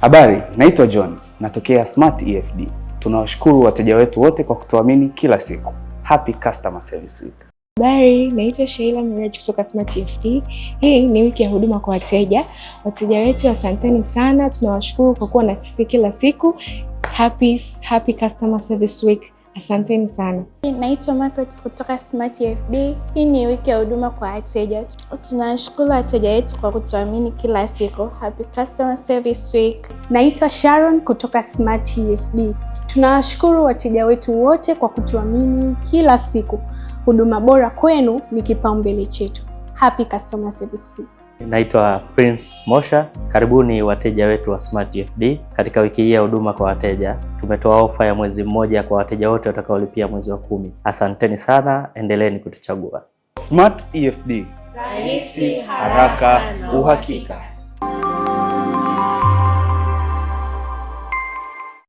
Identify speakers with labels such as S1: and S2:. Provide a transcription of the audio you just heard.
S1: Habari, naitwa John, natokea Smart EFD. Tunawashukuru wateja wetu wote kwa kutuamini kila siku. Happy Customer Service Week.
S2: Habari, naitwa Sheila Miraji kutoka Smart EFD. Hii ni wiki ya huduma kwa wateja. Wateja wetu asanteni sana, tunawashukuru kwa kuwa na sisi kila siku. Happy, happy Customer Service Week. Asanteni sana.
S3: Naitwa Margaret kutoka Smart FD. Hii ni wiki ya huduma kwa wateja. Tunashukuru wateja wetu kwa kutuamini kila siku. Happy Customer Service Week.
S4: Naitwa Sharon kutoka Smart FD. Tunawashukuru wateja wetu wote kwa kutuamini kila siku. Huduma bora kwenu ni kipaumbele chetu. Happy Customer Service Week.
S5: Naitwa Prince Mosha. Karibuni wateja wetu wa Smart fd Katika wiki hii ya huduma kwa wateja, tumetoa ofa ya mwezi mmoja kwa wateja wote watakaolipia mwezi wa kumi. Asanteni sana, endeleeni kutuchagua
S6: Smart EFD. Rahisi, haraka, uhakika.